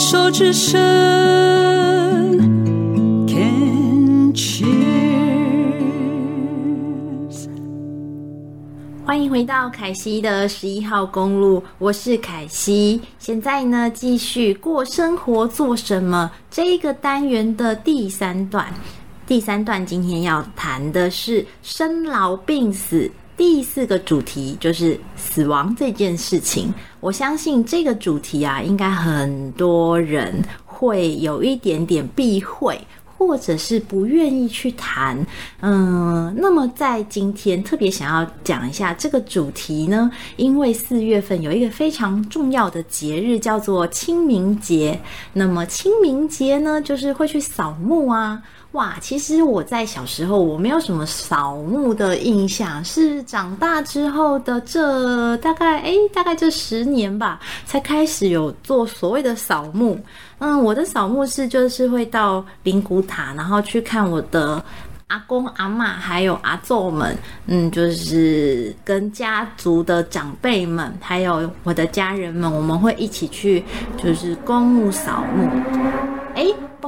手之伸，can cheers。歡迎回到凱西的十一號公路，我是凱西。現在呢，繼續過生活做什麼？這個單元的第三段，第三段今天要談的是生老病死。第四個主題就是死亡這件事情，我相信這個主題啊，應該很多人會有一點點避諱，或者是不願意去談。嗯，那麼在今天特別想要講一下這個主題呢，因為四月份有一個非常重要的節日叫做清明節，那麼清明節呢，就是會去掃墓啊。哇，其實我在小時候我沒有什麼掃墓的印象，是長大之後的這大概哎大概這十年吧，才開始有做所謂的掃墓。嗯，我的掃墓是就是會到靈骨塔，然後去看我的阿公阿嬤還有阿祖們。嗯，就是跟家族的長輩們還有我的家人們，我們會一起去就是公墓掃墓。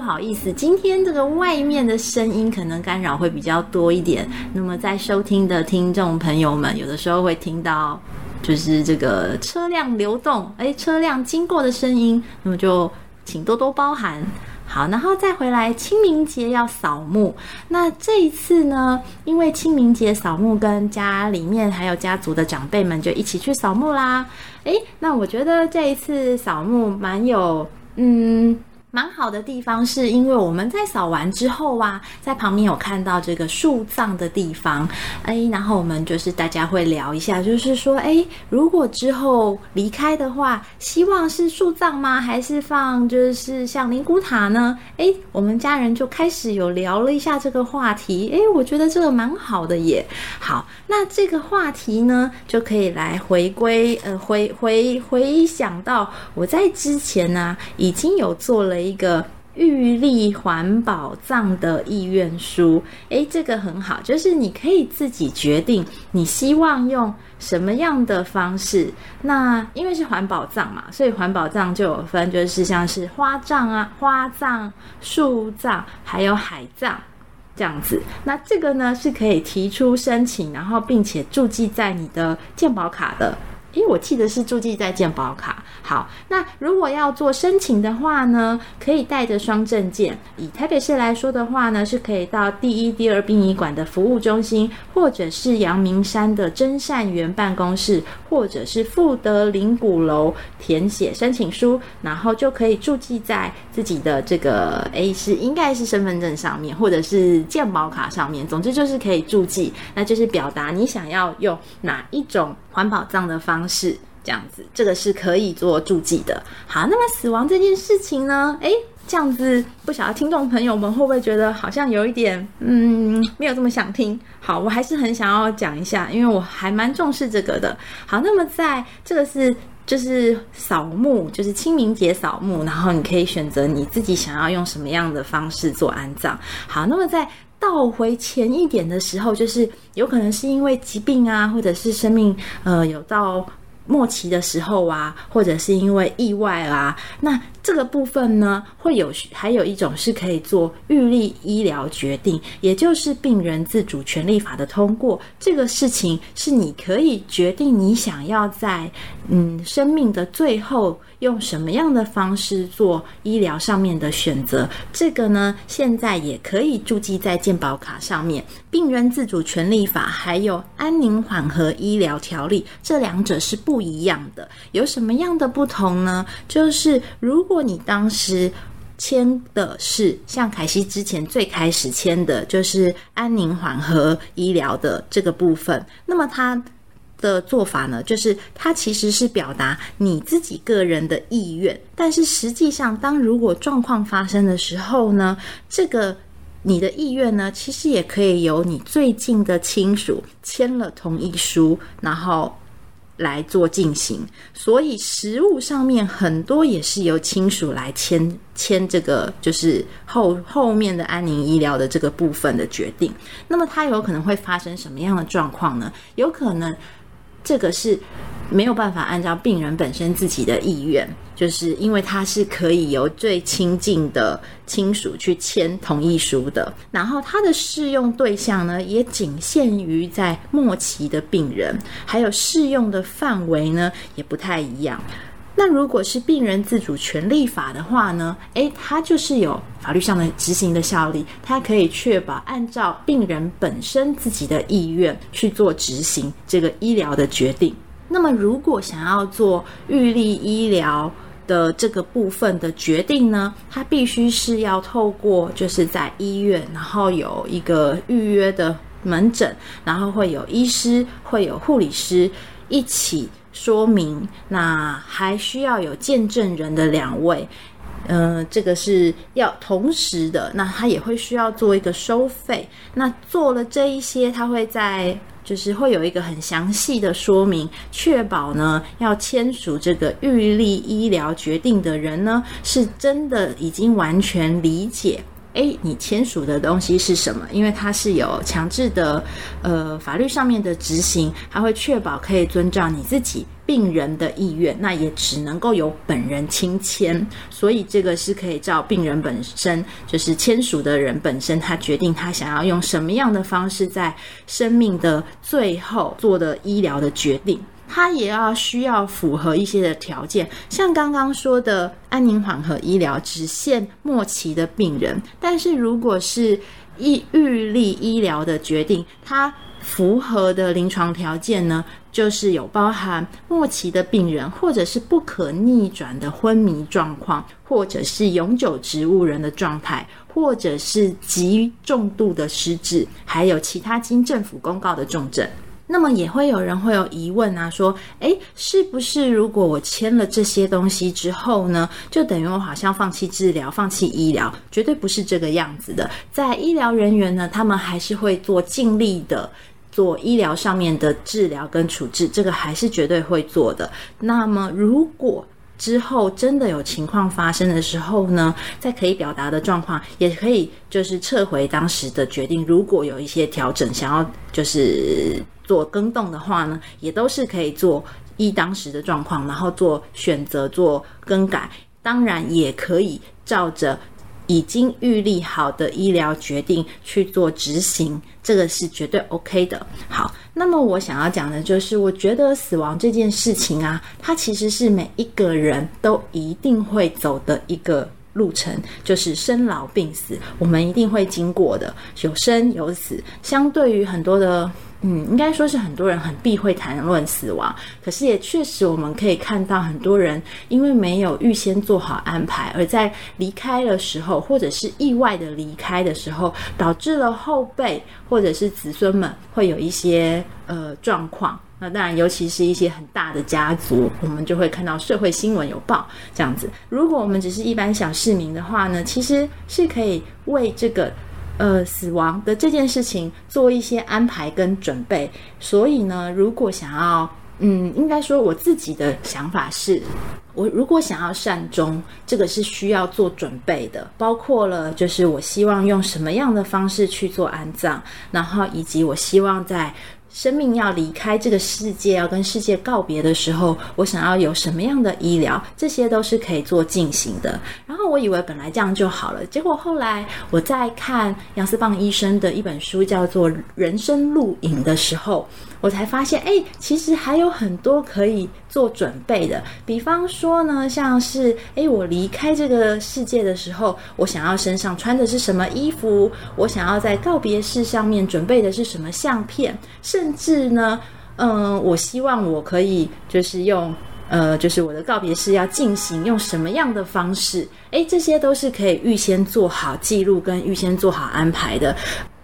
不好意思，今天這個外面的聲音可能干擾會比較多一點。那麼在收聽的聽眾朋友們，有的時候會聽到就是這個車輛流動，哎，車輛經過的聲音，那麼就請多多包涵。好，然後再回來，清明節要掃墓。那這一次呢，因為清明節掃墓，跟家裡面還有家族的長輩們就一起去掃墓啦。哎，那我覺得這一次掃墓蠻有，嗯。蠻好的地方，是因為我們在掃完之後啊，在旁邊有看到這個樹葬的地方，哎、欸，然後我們就是大家會聊一下，就是說，哎、欸，如果之後離開的話，希望是樹葬嗎？還是放就是像靈骨塔呢？哎、欸，我們家人就開始有聊了一下這個話題，哎、欸，我覺得這個蠻好的耶。好，那這個話題呢，就可以來回歸，呃，回回回想到我在之前呢、啊，已經有做了。一個預立環保葬的意願書，誒，這個很好，就是你可以自己決定你希望用什麼樣的方式。那因為是環保葬嘛，所以環保葬就有分，就是像是花葬啊、花葬、樹葬，還有海葬這樣子。那這個呢是可以提出申請，然後並且注記在你的健保卡的。因我記得是註記在健保卡。好，那如果要做申請的話呢，可以帶着雙證件。以台北市來說的話呢，是可以到第一、第二殯儀館的服務中心，或者是陽明山的臻善園辦公室，或者是富德靈骨樓填寫申請書，然後就可以註記在自己的這個誒是應該是身份證上面，或者是健保卡上面。總之就是可以註記，那就是表達你想要用哪一種。環保葬的方式，這樣子，這個是可以做註記的。好，那麼死亡這件事情呢？哎，這樣子，不曉得聽眾朋友們會不會覺得好像有一點，嗯，沒有這麼想聽。好，我還是很想要講一下，因為我還蠻重視這個的。好，那麼在這個是。就是掃墓，就是清明節掃墓，然後你可以選擇你自己想要用什麼樣的方式做安葬。好，那麼再倒回前一點的時候，就是有可能是因為疾病啊，或者是生命呃有到。末期的時候啊，或者是因為意外啦，啊，那這個部分呢，會有還有一種是可以做預立醫療決定，也就是病人自主權利法的通過，這個事情是你可以決定你想要在嗯生命的最後用什麼樣的方式做醫療上面的選擇。這個呢，現在也可以注記在健保卡上面。病人自主權利法還有安寧緩和醫療條例，這兩者是不。不一樣的。有什麼樣的不同呢？就是如果你當時簽的是像凱西之前最開始簽的，就是安寧緩和醫療的這個部分，那麼他的做法呢，就是他其實是表達你自己個人的意願，但是實際上當如果狀況發生的時候呢，這個你的意願呢，其實也可以由你最近的親屬簽了同意書，然後。來做進行，所以實務上面很多也是由親屬來簽簽這個，就是後後面的安寧醫療的這個部分的決定。那麼它有可能會發生什麼樣的狀況呢？有可能。這個是沒有辦法按照病人本身自己的意願，就是因為他是可以由最親近的親屬去簽同意書的，然後他的適用對象呢，也僅限於在末期的病人，還有適用的範圍呢，也不太一樣。但如果是病人自主權利法的話呢，誒、欸，它就是有法律上的執行的效力，它可以確保按照病人本身自己的意願去做執行這個醫療的決定。那麼，如果想要做預立醫療的這個部分的決定呢，它必須是要透過就是在醫院，然後有一個預約的門診，然後會有醫師、會有護理師一起，說明，那還需要有見證人的兩位，嗯、呃，這個是要同時的。那他也會需要做一個收費。那做了這一些，他會再就是會有一個很詳細的說明，確保呢，要簽署這個預立醫療決定的人呢，是真的已經完全理解。誒，你簽署的東西是什麼？因為它是有強制的，呃，法律上面的執行，它會確保可以遵照你自己病人的意願。那也只能夠由本人親簽，所以這個是可以照病人本身，就是簽署的人本身，他決定他想要用什麼樣的方式，在生命的最後做的醫療的決定。它也要需要符合一些的條件，像剛剛說的安寧緩和醫療只限末期的病人。但是如果是預立醫療的決定，它符合的臨床條件呢，就是有包含末期的病人，或者是不可逆轉的昏迷狀況，或者是永久植物人的狀態，或者是極重度的失智，還有其他經政府公告的重症。那麼也會有人會有疑問啊，說，誒，是不是如果我簽了這些東西之後呢，就等於我好像放棄治療、放棄醫療？絕對不是這個樣子的。在醫療人員呢，他們還是會做盡力的做醫療上面的治療跟處置，這個還是絕對會做的。那麼如果之後真的有情況發生的時候呢，在可以表達的狀況，也可以就是撤回當時的決定。如果有一些調整，想要就是。做更動的話呢，也都是可以做，依當時的狀況，然後做選擇做更改。當然，也可以照着已經預立好的醫療決定去做執行，這個是絕對 OK 的。好，那麼我想要講的就是，我覺得死亡這件事情啊，它其實是每一個人都一定會走的一個路程，就是生老病死，我們一定會經過的，有生有死。相對於很多的。嗯，應該說是很多人很避諱談論死亡，可是也確實，我們可以看到很多人因為沒有預先做好安排，而在離開的時候，或者是意外的離開的時候，導致了後輩或者是子孫們會有一些呃狀況。那當然，尤其是一些很大的家族，我們就會看到社會新聞有報這樣子。如果我們只是一般小市民的話呢，其實是可以為這個。呃，死亡的這件事情做一些安排跟準備。所以呢，如果想要，嗯，應該說，我自己的想法是，我如果想要善終，這個是需要做準備的，包括了就是我希望用什麼樣的方式去做安葬，然後以及我希望在。生命要離開這個世界，要跟世界告別的時候，我想要有什麼樣的醫療，這些都是可以做進行的。然後我以為本來這樣就好了，結果後來我在看楊斯棓醫生的一本書，叫做《人生路引》的時候。我才發現，誒，其實還有很多可以做準備的。比方說呢，像是，誒，我離開這個世界的時候，我想要身上穿的是什麼衣服，我想要在告別式上面準備的是什麼相片，甚至呢，嗯，我希望我可以就是用，呃，就是我的告別式要進行用什麼樣的方式，誒，這些都是可以預先做好記錄跟預先做好安排的。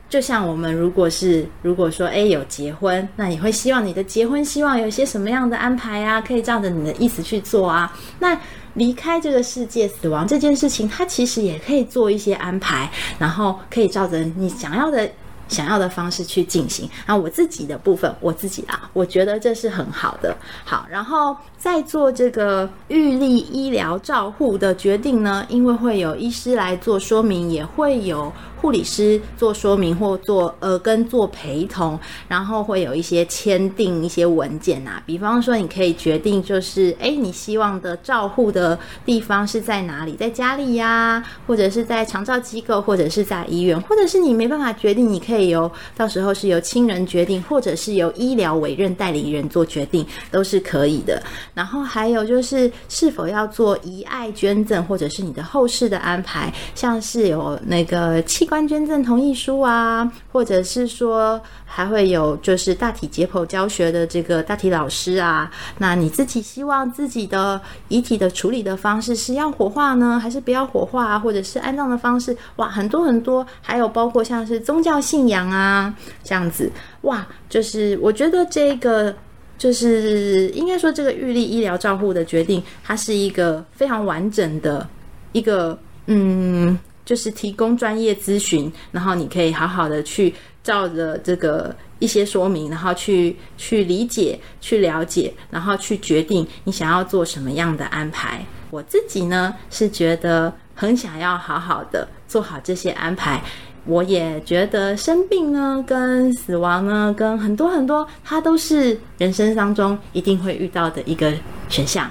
就像我們如果是，如果說誒有結婚，那你會希望你的結婚希望有一些什麼樣的安排啊？可以照着你的意思去做啊。那離開這個世界，死亡這件事情，它其實也可以做一些安排，然後可以照着你想要的、想要的方式去進行。啊，我自己的部分，我自己啊，我覺得這是很好的。好，然後再做這個預立醫療照護的決定呢，因為會有醫師來做說明，也會有。護理師做說明或做呃跟做陪同，然後會有一些簽訂一些文件吶、啊，比方說你可以決定就是哎你希望的照護的地方是在哪裡，在家裡呀、啊，或者是在長照機構，或者是在醫院，或者是你沒辦法決定，你可以由到時候是由親人決定，或者是由醫療委任代理人做決定都是可以的。然後還有就是是否要做遺愛捐贈，或者是你的後事的安排，像是有那個器官、捐贈同意書啊，或者是說還會有就是大體解剖教學的這個大體老師啊，那你自己希望自己的遺體的處理的方式是要火化呢，還是不要火化啊，或者是安葬的方式？哇，很多很多，還有包括像是宗教信仰啊這樣子，哇，就是我覺得這個就是應該說這個預立醫療照護的決定，它是一個非常完整的一個嗯。就是提供專業諮詢，然後你可以好好的去照着這個一些說明，然後去去理解、去了解，然後去決定你想要做什麼樣的安排。我自己呢是覺得很想要好好的做好這些安排。我也覺得生病呢、跟死亡呢、跟很多很多，它都是人生當中一定會遇到的一個選項。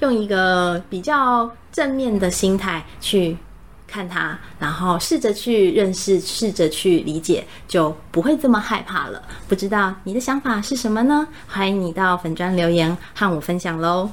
用一個比較正面的心態去。看他，然後試着去認識，試着去理解，就不會這麼害怕了。不知道你的想法是什麼呢？歡迎你到粉專留言和我分享嘍。